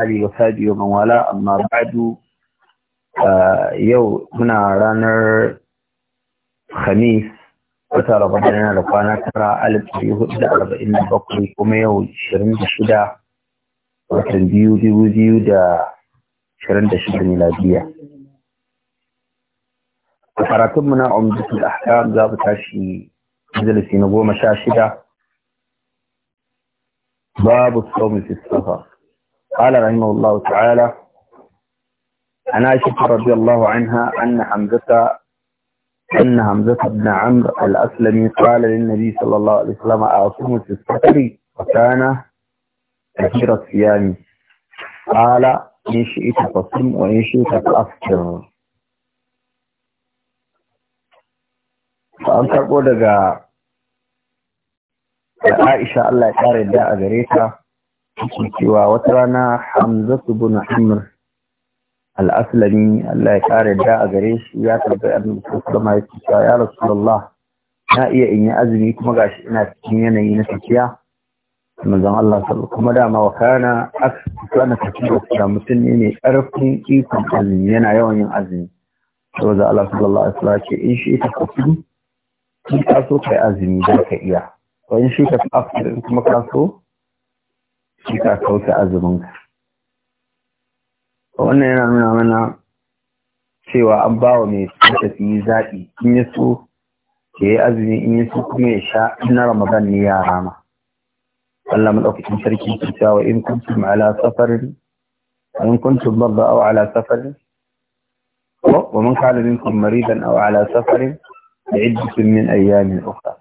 tsari wa sabi wa manwala amma ba'du yau muna ranar khamis wata rabata yana da kwana tara alif ɗari hudu da arba'in da bakwai kuma yau ashirin da shida watan biyu dubu biyu da ashirin da shida miladiya a karatunmu na umdatul ahkam za mu tashi majalisi na goma sha shida babu tsomin fi safar قال رحمه الله تعالى عن عائشة رضي الله عنها أن حمزة أن حمزة بن عمرو الأسلمي قال للنبي صلى الله عليه وسلم أعصم في السفر وكان كثير الصيام قال إن شئت فصم وإن شئت فأفطر فأن تقول لك عائشة الله يقارن دا أجريتها cikin cewa wata rana hamzatu bin amr al-aslami Allah ya kare da a gare shi ya karbi annabi sallallahu alaihi wasallam ya rasulullah na iya in yi azumi kuma gashi ina cikin yanayi na tafiya manzon Allah sallallahu kuma dama wa kana aksana tafiya da mutum ne mai karfin ikon azumi yana yawan yin azumi saboda Allah sallallahu alaihi wasallam ce in shi ta kafi in ka so kai azumi da ka iya wani shi ka kafi kuma ka so shi ka kauta azuminka wannan yana nuna mana cewa an ba wa mai tafi zaɓi in yi so ke yi azumi in yi so kuma ya sha na ramadan ne ya rama Allah madaukakin sarki ke cewa in kuntum ala safarin in kuntum barda awa ala safarin wa man kana kumari maridan awa ala safarin da iddatun min ayyamin ukhra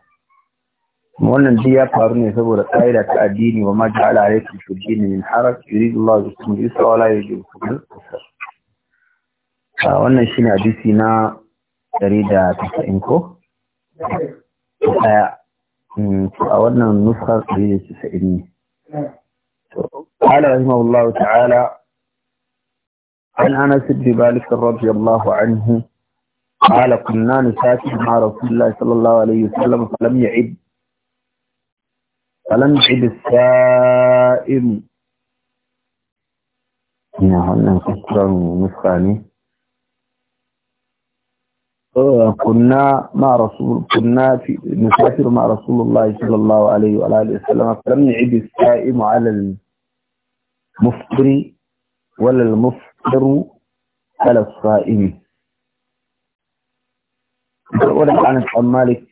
wannan duk ya faru ne saboda ƙa'ida ta addini wa ma ja'ala alaikum fi dini min haraj yuridu Allahu bikum al-yusra wa la yuridu bikum al-usra a wannan shine hadisi na 190 ko daya a wannan nusar 190 ne to qala rahimahullahu ta'ala عن انس بن مالك رضي الله عنه قال كنا نسافر مع رسول الله صلى الله عليه وسلم فلم يعد فلم يعد السائل هنا هنا كسر نسخاني آه، كنا مع رسول كنا في نسافر مع رسول الله صلى الله عليه وعلى اله وسلم فلم يعد السائم على المفطر ولا المفطر على الصائم. ورد عن مالك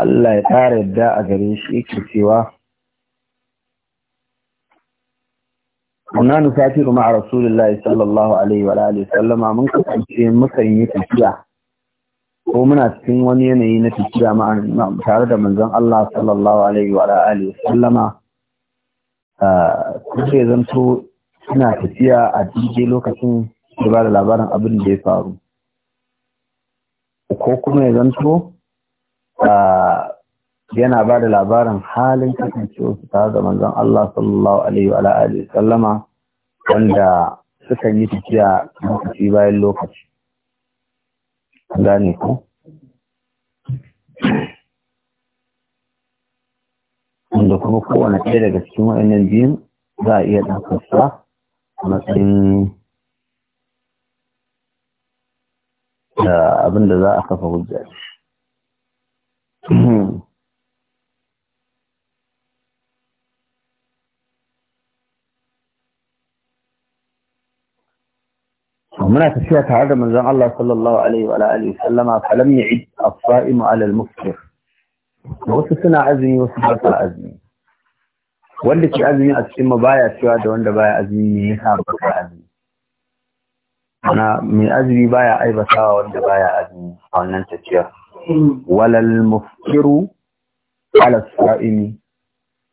Allah ya ƙara yadda a gare shi yake cewa Muna nufafi kuma a Rasulullah sallallahu Alaihi wa Alaihi sallama mun kasance mukan yi tafiya ko muna cikin wani yanayi na tafiya tare da manzon Allah sallallahu Alaihi wa Alaihi sallama kuke zanto suna tafiya a daidai lokacin da ba da labarin abin da ya faru ko kuma ya zanto yana ba da labarin halin kasancewa su tare da manzon Allah sallallahu alaihi wa alihi sallama wanda suka yi tafiya lokaci bayan lokaci gane ku wanda kuma kowane ɗaya daga cikin waɗannan biyun za a iya ɗaukarsa a matsayin da eh, abin da za a kafa hujja muna tafiya tare da manzon Allah sallallahu alaihi wa alihi sallama falam ya'id as-sa'im 'ala al-muftir wasu suna azumi wasu ba su azumi wanda ke azumi a cikin ma baya cewa da wanda baya azumi ne yasa ba ka azumi na mai azumi baya aibatawa wanda baya azumi a wannan tafiya walal muftiru ala sa'imi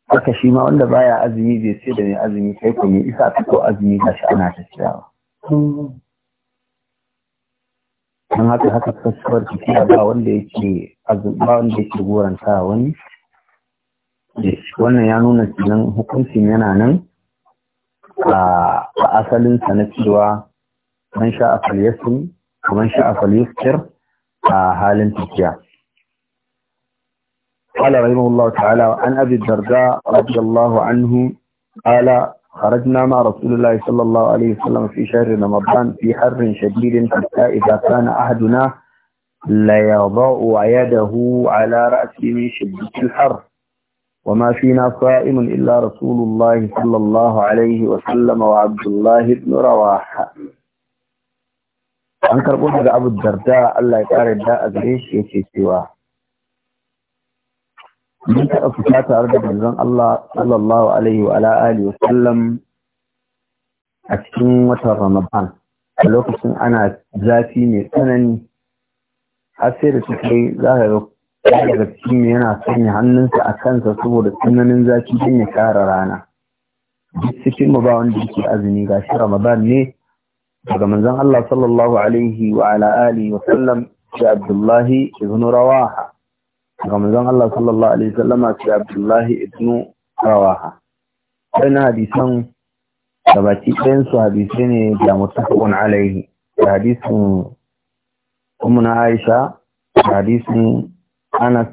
haka shi ma wanda baya azumi bai ce da mai azumi kai ko ne, isa ka ko azumi gashi ana tafiya ba don haka haka kasuwar tafiya ba wanda yake azuba wanda yake goranta wani wannan ya nuna kenan hukuncin yana nan a asalin sa na cewa man sha a falyasum man sha a falyastir a halin tafiya قال رحمه الله تعالى عن أبي الدرداء رضي الله عنه قال خرجنا مع رسول الله صلى الله عليه وسلم في شهر رمضان في حر شديد حتى إذا كان أحدنا ليضاء يده على رأسه من شدة الحر وما فينا صائم إلا رسول الله صلى الله عليه وسلم وعبد الله بن رواحة an karɓo daga abu darda Allah ya ƙara da a gare shi yake cewa mun taɓa fita tare da manzon Allah sallallahu alaihi wa alihi wa sallam a cikin watan Ramadan a lokacin ana zafi mai tsanani har sai da ta kai za ka ga daga cikin yana sanya hannunsa a kansa saboda tsananin zafi don ya kara rana duk cikin mu ba wanda yake azumi ga shi Ramadan ne daga manzon Allah sallallahu alaihi wa ala alihi wa sallam shi Abdullahi ibn Rawaha ga manzon Allah sallallahu alaihi wasallama ce Abdullahi ibn Rawaha na hadisan da baki ɗayan su hadisai ne da muttafaqun alaihi da hadisin ummuna Aisha da hadisin Anas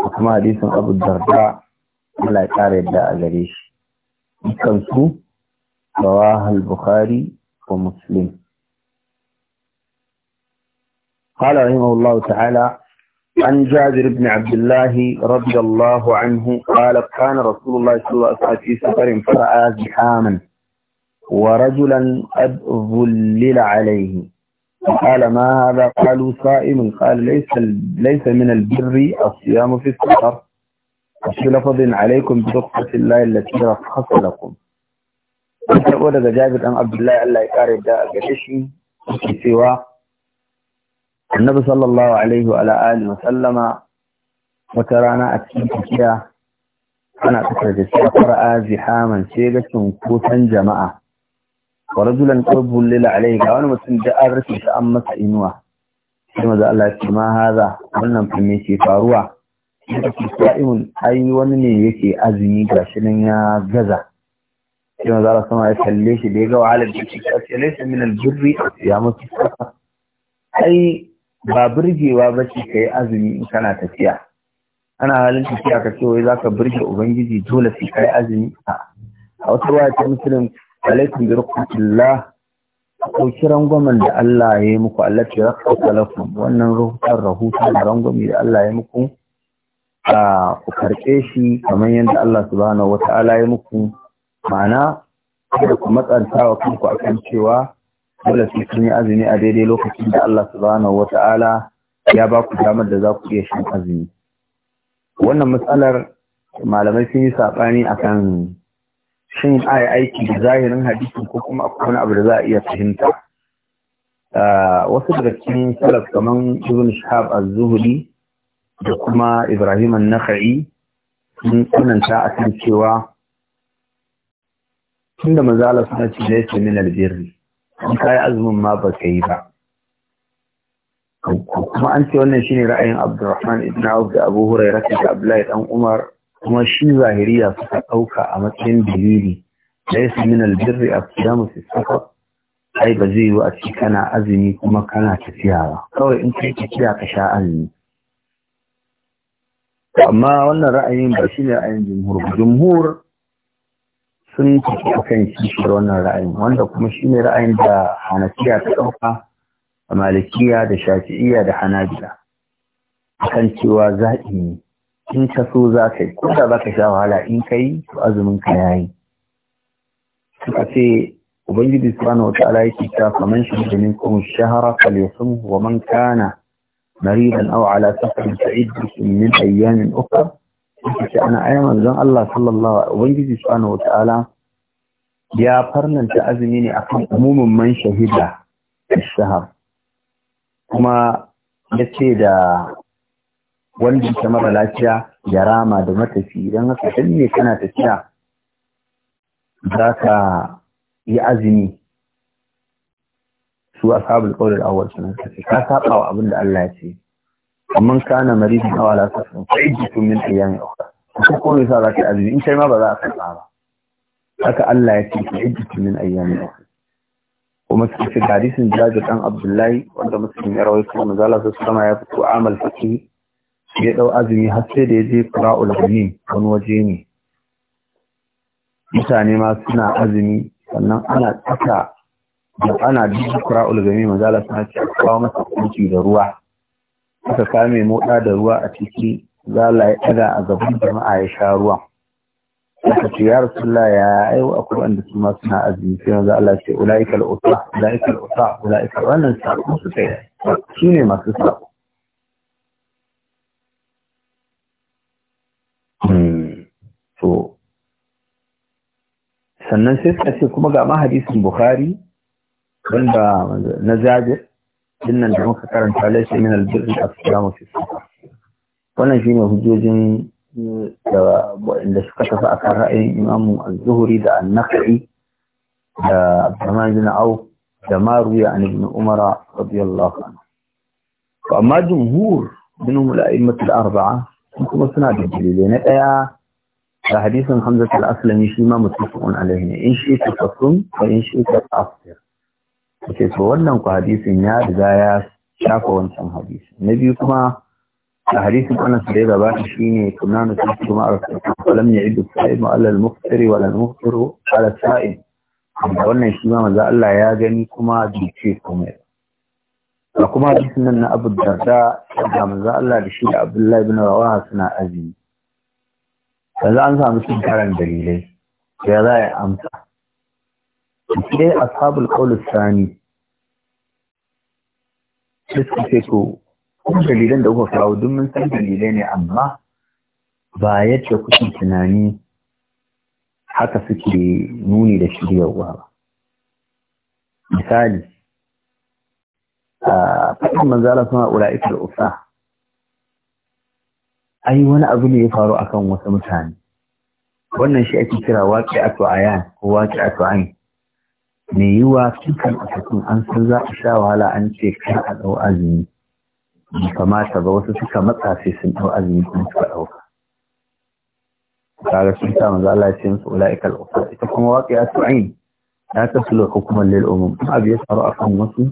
da kuma hadisin Abu Darda Allah ya da a gare shi dukkan su rawaha al-Bukhari wa Muslim قال رحمه الله تعالى عن جابر بن عبد الله رضي الله عنه قال كان رسول الله صلى الله عليه وسلم في سفر فرأى زحاما ورجلا قد ظلل عليه قال ما هذا قالوا صائم قال ليس ليس من البر الصيام في السفر وفي لفظ عليكم برقة الله التي رخص لكم أنت جابر بن عبد الله الله يقارب ده في سواه annabi sallallahu alaihi wa alihi wa sallama wata rana a cikin tafiya ana tsakar da shi fara zihaman sai ga cunkoson jama'a wa rajulan qurbul lil alaihi ga wani mutum da an rufe shi an masa inuwa sai maza Allah ya ce ma haza wannan fa me ke faruwa yake sa'imun ai wani ne yake azumi gashi nan ya gaza sai maza Allah sama ya kalle shi da ya ga wahalar da shi ya ce laysa min al-birri ya mutu ai ba birgewa ba ce ka yi azumi in kana tafiya ana halin tafiya ka ce wai za ka birge ubangiji dole sai ka yi azumi a wata waya ta musulun alaikun bi ko kiran gwamnan da Allah ya yi muku Allah ya rakkata lakum wannan rahutar rahutar da rangwami da Allah ya yi muku a ku karɓe shi kamar yadda Allah subhanahu wata'ala ya yi muku ma'ana kada ku matsantawa kanku akan cewa dole sai sun yi azumi a daidai lokacin da Allah subhanahu wata'ala ya ba ku damar da za ku iya shan azumi wannan matsalar malamai sun yi saɓani akan shin ai aiki da zahirin hadisi ko kuma akwai wani abu da za a iya fahimta wasu daga cikin salaf kaman ibn shahab az-zuhri da kuma ibrahim an-nakhai sun tsananta akan cewa tunda manzo Allah suna ce da yake min albirri in kayi azumin ma ba ka yi ba kuma an ce wannan shine ra'ayin Abdurrahman ibn Auf da Abu Hurairah da Abdullahi dan Umar kuma shi zahiriya suka dauka a matsayin dalili laysa min albirri as-siyam fi safar ai ba zai yi a ce kana azumi kuma kana tafiya ba kawai in kai tafiya ka sha azumi amma wannan ra'ayin ba shine ra'ayin jumhur jumhur sun tafi akan kishiyar wannan ra'ayin wanda kuma shi ne ra'ayin da hanafiya ta ɗauka a malikiya da shafi'iya da hanabila akan cewa zaɓi ne in ka so za ka yi ko da za ka sha wahala in ka yi to azumin ka ya yi suka ce ubangiji subhanahu wataala yake ta faman shi da min kuma shahara falyasum wa man kana maridan aw ala safarin fa'iddatun min ayyamin ukhra ce ana ayi manzon Allah sallallahu alaihi ubangiji subhanahu wataala ya farnanta azumi ne akan umumin man shahida shahar kuma yace da wanda ke mara lafiya ya rama da matafi idan haka dan ne kana tafiya zaka yi azumi su ashabul qawl al-awwal sunan ka saba wa abin da Allah ya ce amman kana maridin aw ala safin fa iddatun min ayyamin ukhra ko ko ne sa za zaka azumi in kai ma ba za a karba ba haka Allah ya ce fa iddatun min ayyamin ukhra kuma cikin shi hadisin jaji dan Abdullahi wanda muslim ya rawaito manzo Allah sallallahu ya fito amal fiqh ya dau azumi har sai da ya je kura ghanim wani waje ne mutane ma suna azumi sannan ana tsaka da ana duk qira'ul ghanim manzo Allah sallallahu alaihi kawo masa kunci da ruwa aka kame moɗa da ruwa a ciki zala ya ɗaga a gaban jama'a ya sha ruwan aka ce ya rasulullah ya aiwa akwai wanda su masu na azumi sai yanzu Allah ce ulaikal usa ulaikal usa ulaikal wannan sako su kai su ne masu sako hmm. sannan sai suka ce kuma ga ma hadisin bukhari wanda na Zajir. جنة الجنوخة كانت عليه من البر الأسلام في السفر وانا جيني هجوز عند شكتة فأكار رأي إمام الزهري دا النقعي دا الزمان جنة أو دا ما روي عن ابن عمر رضي الله عنه فأما جمهور منهم الأئمة الأربعة سناد سنا بالدليلين يعني ايا حديث حمزة الأسلم يشي ما متفقون عليه إن شئت تصم وإن شئت تأثر ce to wannan ku hadisin ya riga ya shafa wancan hadisi na biyu kuma a hadisin wannan da ya shi ne kunna na sun kuma a kalam ya idu sa'im ala al-muftari wa al-muftiru ala sa'im da wannan shi ma maza Allah ya gani kuma dace ce komai da kuma hadisin nan na Abu Darda da maza Allah da shi da Abdullahi ibn Rawaha suna azumi yanzu an samu sun karan dalilai ya za a amsa dai ashabul qawl sani suka ce ko kun dalilan da kuka kawo duk mun san dalilai ne amma ba yadda kuke tunani haka suke nuni da shiryarwa ba misali a faɗin manzala suna ula'ika da usa ai wani abu ne ya faru akan wasu mutane wannan shi ake kira waƙi a ko waƙi a mai yiwa cikin asibin an san za a sha wahala an ce kar a ɗau azumi bai kamata ba wasu suka matsa sai sun ɗau azumi kuma suka ɗauka kaga sun sa manzo Allah ya ce musu ula'ika al-ufa ita kuma waqi'a su'ain la taslu hukumar lil umum abu ya faru akan wasu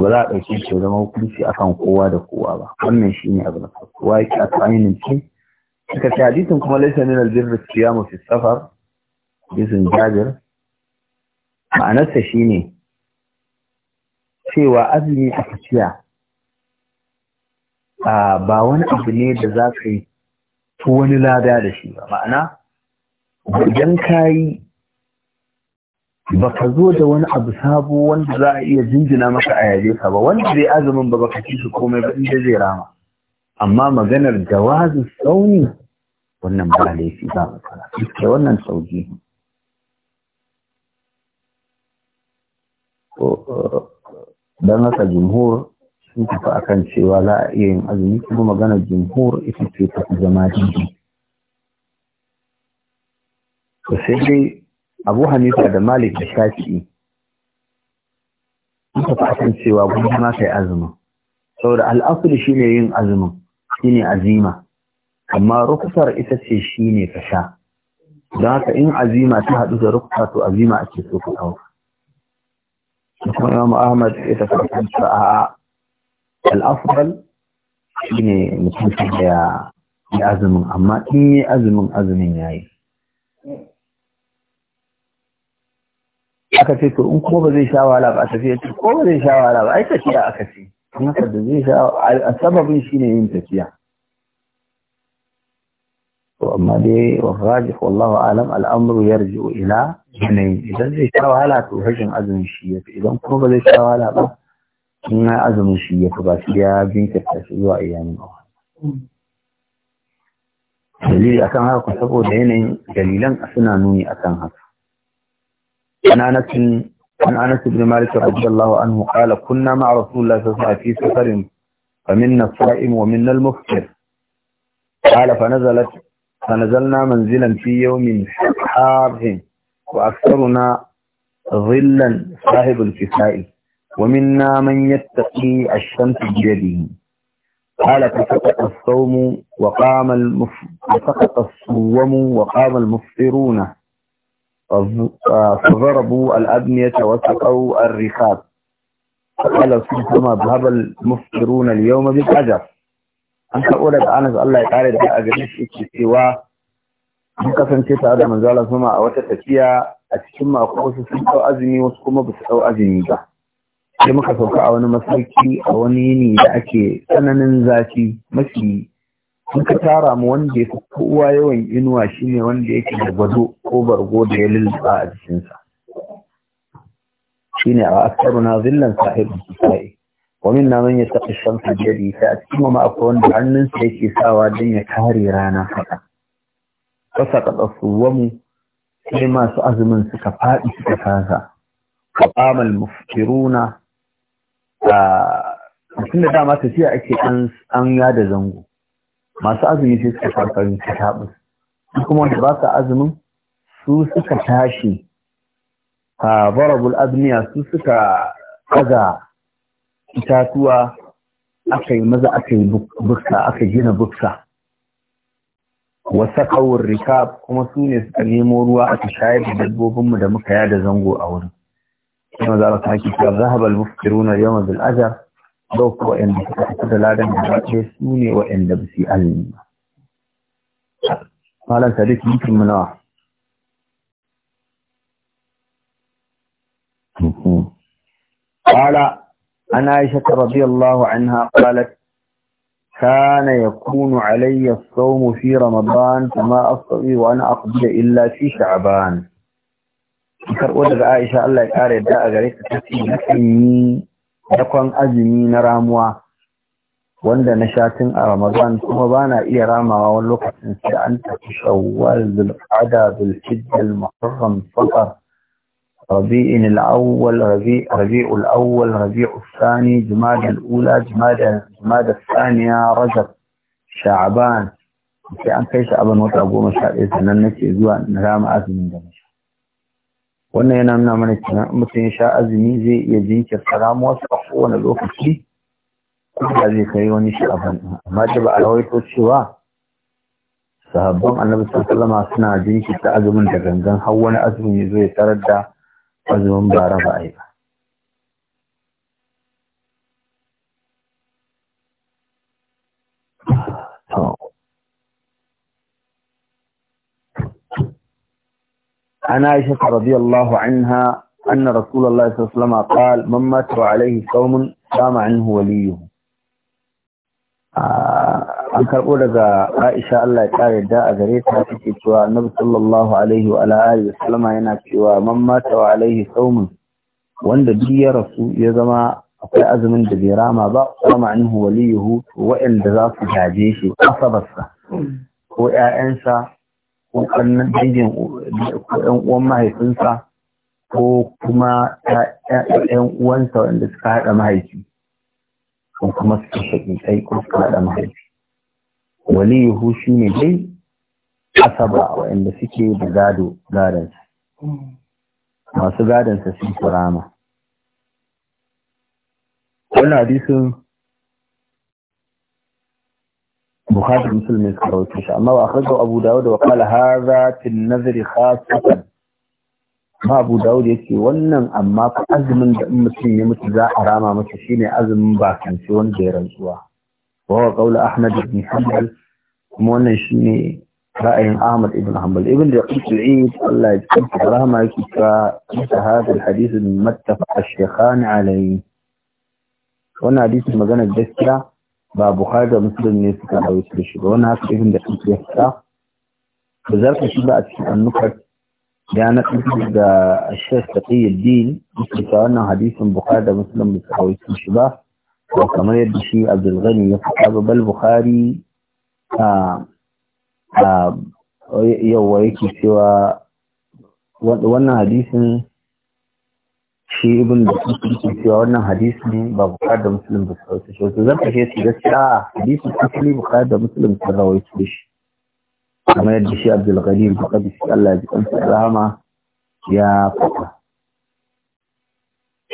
ba za a ɗauki shi zama hukunci akan kowa da kowa ba wannan shine abu na farko waqi'a su'ain ce suka ce hadisin kuma laysa min al-birr siyamu fi safar hadisin jabir ma'anarsa shi ne cewa azumi a kaciya ba wani abu ne da za ka yi wani lada da shi ba ma'ana idan ka yi ba ka zo da wani abu sabo wanda za a iya jinjina maka a yaje ka ba wanda zai azumin ba baka ci shi komai ba inda zai rama amma maganar jawazin tsauni wannan ba laifi ba matsala wannan sauki don haka jumhur sun tafi akan cewa za a iya yin azumi kuma maganar jumhur ita ce ta fi zama jiki to sai dai abu hanifa da malik da shafi'i sun tafi akan cewa gudu ma kai azumin saboda al'asuli ne yin azumin shi ne azima amma rukusar ita ce ne ka sha don haka in azima ta haɗu da rukusa to azima ake so ka ɗauka kuma imam ahmad ita karfanta a al'afdal shi ne mutum da ya yi azumin amma in yi azumin azumin ya yi aka ce to in kuma ba zai sha wahala ba a tafiya ce ko ba zai sha wahala ba a yi tafiya aka ce kuma da zai sha a sababin shi ne yin tafiya وما دي والراجح والله أعلم الأمر يرجع إلى جنين إذا زي شوالا تهجم أزم الشيخ إذا ما هو زي شوالا ما إن أزم الشيء فبس يا بنت الشيء وأيام الله دليل أكان هذا كتبه دينين دليلا أسنا نوني أكان هذا أنا نتن عن أنس بن مالك رضي الله عنه قال كنا مع رسول الله صلى الله عليه وسلم في سفر فمنا الصائم ومنا المفكر قال فنزلت فنزلنا منزلا في يوم حار وأكثرنا ظلا صاحب الكساء ومنا من يتقي الشمس بيده قال فسقط الصوم وقام فسقط الصوم وقام المفطرون فضربوا الأبنية وسقوا الرخاب فقال سبحانه اذهب المفطرون اليوم بالحجر an karɓo daga anas Allah ya ƙare da a gare shi yake cewa mun kasance tare da manzo Allah a wata tafiya a cikin mako wasu sun dau azumi wasu kuma ba su dau azumi ba sai muka sauka a wani masauki a wani yini da ake tsananin zafi mafi in ka tara mu wanda ya fi kowa yawan inuwa shine wanda yake da gwado ko bargo da ya lulluɓa a jikinsa shine a na zillan sahibin kisa'i wamin na manyan tsakashen fujeri ta cimma ma akwai wanda hannunsa yake sawa don ya kare rana kaɗa kasa kaɗa tsuwanmu sai masu azumin suka faɗi suka kasa kaɓamal mafikiruna a mutum da dama ta ake an yada zango masu azumi sai suka farfari ta taɓus su kuma wanda ba su azumin su suka tashi a barabul azumiya su suka kaza itatuwa aka yi maza aka yi buksa aka gina buksa wasa kawun rika kuma su ne suka nemo ruwa ta shayar da dabbobinmu da muka yada zango a wurin kuma za ka haƙi ka zahabal mufkiruna yau mazul ajar zau ko wa'anda suka fita da ladan da ba su ne wa'anda ba su yi alimi ba malam sadiq yi mu nawa قال hmm, hmm. عن عائشة رضي الله عنها قالت كان يكون علي الصوم في رمضان فما أستطيع أن أقضي إلا في شعبان karɓo daga Aisha Allah ya ƙara yadda a gare ta tafi nakan yi dakon azumi na ramuwa wanda na sha tun a Ramadan kuma ba na iya ramawa wani lokacin sai an tafi shawwal zulqa'ada zulhijja al-muharram safar ربيع الأول ربيع ربيع الأول ربيع الثاني جماد الأولى جماد جماد sai an kai sha'aban wata goma sha ɗaya sannan nake zuwa na rama azumin da na wannan yana nuna mana kenan mutum ya sha azumi zai iya jinkirta ramuwarsa a kowane lokaci kuma zai kai wani sha'aban ɗin amma da ba a rawaito cewa sahabban annabi sallallahu alaihi suna jinkirta azumin da gangan har wani azumin ya zo ya tarar da azumin bara ba عن عائشة رضي الله عنها أن رسول الله صلى الله عليه وسلم قال من مات عليه قوم قام عنه وليه آه، an karbo daga aisha Allah ya ƙara da, a gare ta take cewa annabi sallallahu alaihi wa alihi wasallama yana cewa man mata wa alaihi saumun wanda duk ya rasu ya zama akwai azumin da bai rama ba sama anhu waliyuhu wa'anda za su gaje shi asabarsa ko ƴaƴansa ko ƙannan dangin ko ƴan uwan mahaifinsa ko kuma ƴan uwansa wanda suka haɗa mahaifi ko kuma suka shaƙi kai ko suka haɗa mahaifi waliyuhu shi ne dai asaba waɗanda suke da gado gadansa masu gadansa sun kurama wannan hadisin bukhari musulmi suka rawaito shi amma wa akhrajahu abu dawud wa qala hadha fi an-nadhri ma abu yace wannan amma ku azumin da in mutum ya mutu za a rama masa shine azumin bakance wanda ya rantsuwa وهو قول أحمد بن حنبل مونشني رأي أحمد بن حنبل ابن رقيب العيد الله يجب كرامة يكفى هذا الحديث المتفق الشيخان عليه هنا حديث مغانا الدكرة باب خالد مسلم نيسك على وسر الشيخ وانا حكي ابن رقيب يحكى بذلك شبه أتشكى النكت لأن الشيخ تقي الدين مثل كأنه حديث بخاري مسلم بسحوي الشباب ko kamar yadda shi Abdulghani ya faɗa babal Bukhari a yawwa yake cewa wannan hadisin shi ibn da suke cewa wannan hadisin ba bukar da musulun ba su rawaito shi wato zan fashe su gaskiya a hadisin asali bukar da musulun sun rawaito shi kamar yadda shi abdul ghaniyar bukar da allah ya ji kansa rahama ya faɗa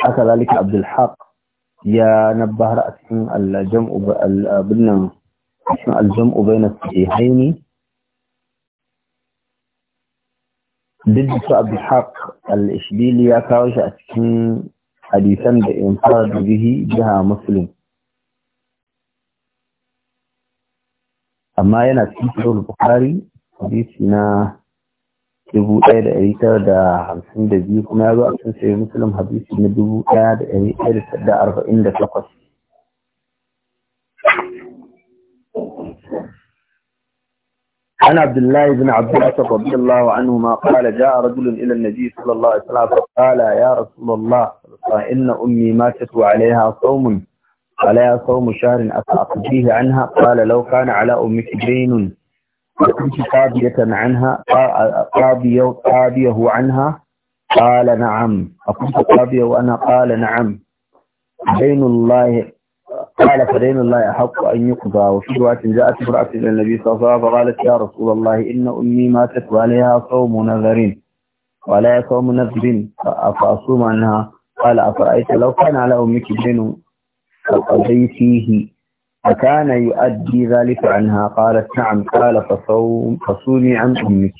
haka zalika abdul haq ya nabbahar a cikin aljam'u bai na suke haini duk da su abu haq al ya kawo shi a cikin hadisan da in fara bihi jiha muslim amma yana cikin bukari hadisi na dubu kuma a cikin na dubu عن عبد الله بن عباس رضي الله عنهما قال جاء رجل إلى النبي صلى الله عليه وسلم فقال يا رسول الله إن أمي ماتت وعليها صوم عليها صوم شهر فيه عنها قال لو كان على أمك دين وكنت قاضية عنها قاضية قاضيه عنها قال نعم أكنت قاضية وأنا قال نعم دين الله قال فدين الله أحق أن يقضى وفي رواية جاءت امرأة إلى النبي صلى الله عليه وسلم فقالت يا رسول الله إن أمي ماتت وعليها صوم نذر وعليها صوم نذر فأصوم عنها قال أفرأيت لو كان على أمك دين فيه أكان يؤدي ذلك عنها قالت نعم قال فصوم فصومي عن أمك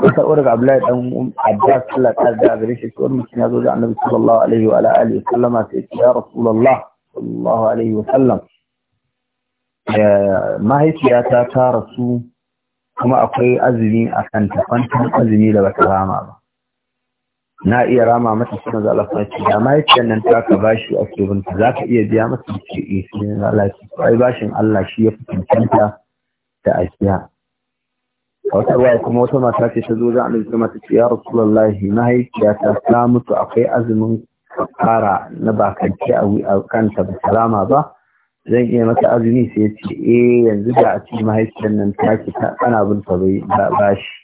kusa uwar ga Abdullahi dan Abbas Allah ta da zo da Annabi sallallahu alaihi wa alihi wa sallama sai ya Rasulullah sallallahu alaihi wa sallam mahaifiyata ta rasu kuma akwai azumi a kanta azumi da bata rama ba na iya rama mata shi manzo Allah sai da ma nan ta ka bashi ake bin ta zaka iya biya mata ce su shi Allah ce ai bashin Allah shi ya fitanta da asiya a wata ruwa kuma wata mata ce ta zo zan annabi kuma ta ce ya rasulullahi mahaifiyata ta mutu akwai azumin kara na bakanci a kanta ba salama ba zan iya mata azumi sai ya ce eh yanzu da a ce mahaifiyar nan ta ke ta ana bin ta bai bashi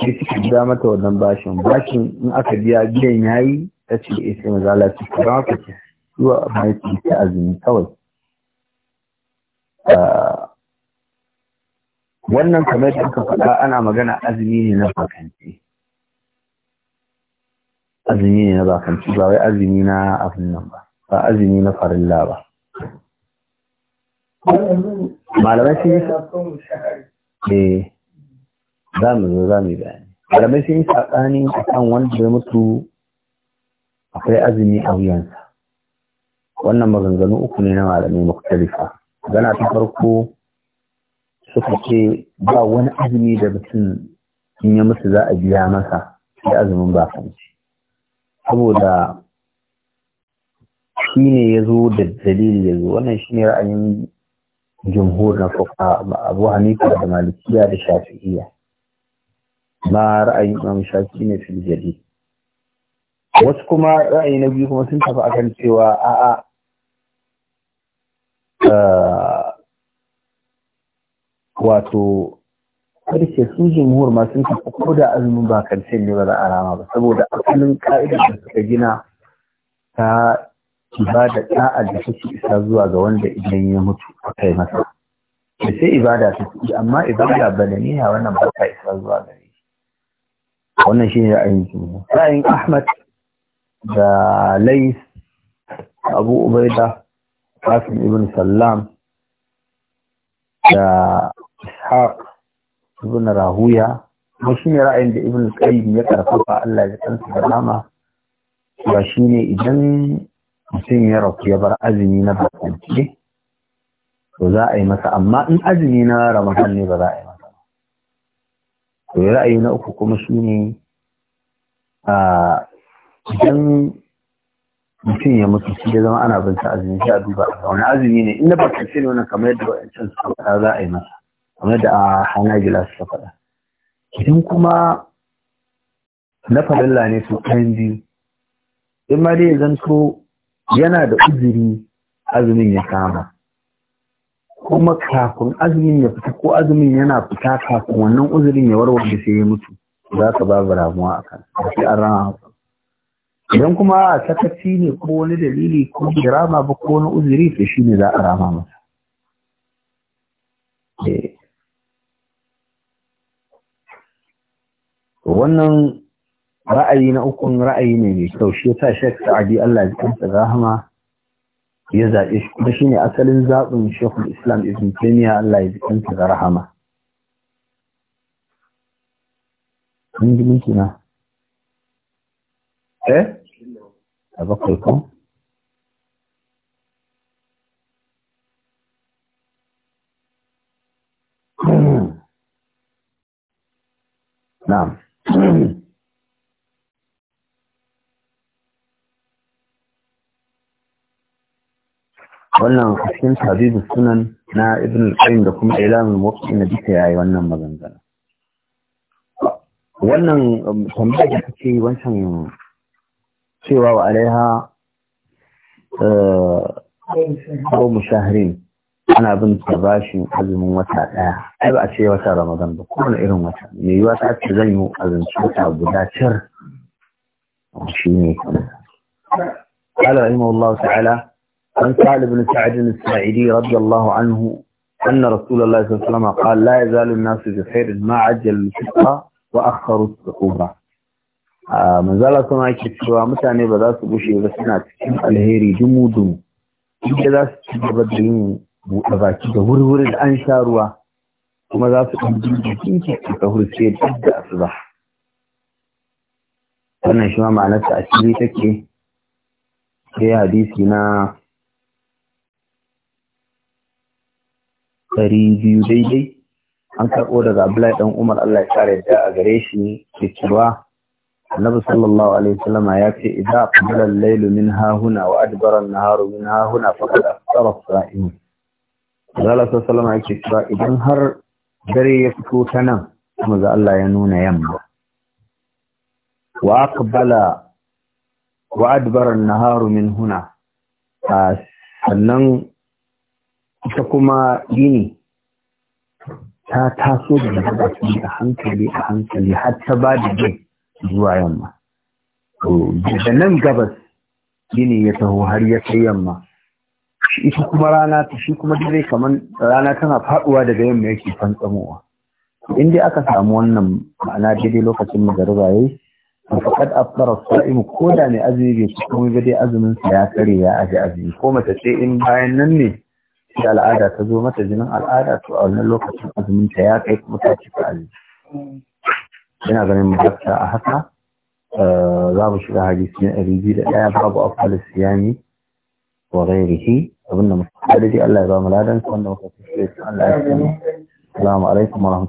sai suka biya mata wannan bashin bashin in aka biya biyan yayi ta ce eh sai maza Allah ce ka haka ce zuwa mahaifi ta azumi kawai ah, wannan kamar da aka faɗa ana magana azumi ne na bakanci azumi ne na bakanci ba wai azumi na abin nan ba ba azumi na farilla ba malamai sun yi shahari za mu zo za mu bayani malamai sun yi saɓani akan kan wanda ya mutu akwai azumi a wuyansa wannan maganganu uku ne na malamai mukhtalifa gana ta farko suka ce ba wani azumi da mutum in ya mutu za a biya masa sai azumin bakanci saboda shi ne ya zo da dalili ya zo wannan shi ne ra'ayin jumhur na fuka abu hanifa da malikiya da shafi'iyya ma ra'ayin imam shafi ne fil jadid wasu kuma ra'ayi na biyu kuma sun tafi akan cewa a'a eh, wato karshe su jumhur ma sun tafi ko da azumin ba karshen ne ba za a rama ba saboda asalin ka'idar da suka gina ta ibada ta'a da take isa zuwa ga wanda idan ya mutu a kai masa sai ibada ta amma ibada niyya wannan ba ta isa zuwa ga wannan shi ne ra'ayin jumhur ra'ayin ahmad da lais abu ubaida kasim ibn sallam da ishaq ibn rahuya kuma ne ra'ayin da ibn qayyim ya karfafa Allah ya kansa da rama ba ne idan mutum ya rafu ya bar azumi na ce. to za a yi masa amma in azumi na ramadan ne ba za a yi to ra'ayi na uku kuma shine a idan mutum ya mutu shi da zama ana bin sa azumi sai a duba a wani azumi ne inda ba kace ne wannan kamar yadda wa'ancan su faɗa za a yi masa kamar da a hana gila su faɗa idan kuma na falalla ne su ɗayan biyu in ma dai zan so yana da uzuri azumin ya kama kuma kafin azumin ya fita ko azumin yana fita kafin wannan uzurin ya warware sai ya mutu za ka babu ramuwa a kan sai an rana idan kuma a sakaci ne ko wani dalili ko rama ba ko wani uzuri to shi ne za a rama masa eh. wannan ra'ayi na ukun ra'ayi ne mai kyau shi yasa shek Sa'adi Allah ya kansa rahama ya zaɓe shi kuma shine asalin zaɓin shekul islam ibn taimiyya allah ya ji kansa da rahama kun ji minti na eh a bakwai kun hmm. na'am wannan cikin tabibu sunan na ibn al-qayyim da kuma ilamin muwaqqi na duka yayi wannan maganganu wannan um, tambaya da kake wancan cewa wa alaiha uh, ko mushahirin ana bin ta bashin azumin wata daya ai ba a ce wata ramadan ba kowane irin wata me yiwa ta ce zan yi abinci wata guda cir shi ne kamar قال رحمه الله تعالى عن سعد بن سعد الساعدي رضي الله عنه أن رسول الله صلى الله عليه وسلم قال لا يزال الناس بخير ما عجل الفطرة وأخروا الصحوبة من زال سنة كتشوى متعني بدا سبوشي بسنا تكين الهيري دمو دمو إذا ذا ستبدلين بأباكي دهور ور الأنشار و وما ذا ستبدلين كين كتشوى دهور سيد أبدا أصبح wannan shi ma ma'anarsa a cikin take sai hadisi na ɗari biyu daidai an karɓo daga Abdullahi ɗan Umar Allah ya kare da a gare shi ke cewa Annabi sallallahu alaihi wasallam ya ce idza qabala al-laylu min hahuna wa adbara an-naharu min hahuna faqad aftara as-sa'im. Allah sallallahu alaihi ya cewa idan har dare ya fito ta nan kuma za Allah ya nuna yamma. Wa aqbala wa adbara an min huna sannan ita kuma gini ta taso da daga cikin a hankali a hankali har ta ba da gai zuwa yamma Da nan gabas gini ya taho har ya kai yamma ita kuma rana ta shi kuma dare kamar rana tana faduwa daga yamma yake fantsamowa in dai aka samu wannan ma'ana daidai lokacin magariba yayi a fara sa'im ko da ne azumi bai ci kuma dai azumin sa ya kare ya aje azumi ko mace ce in bayan nan ne shi al'ada ta zo mata jinin al'ada to a wannan lokacin azumin ta ya kai kuma ta cika azumi ina ganin mafakta a haka eh, za mu shiga hadisi na ɗari biyu da ɗaya babu afal siyami wa ghairihi abinda muka da Allah ya ba mu ladan wanda muka fi shi Allah ya sani assalamu alaikum wa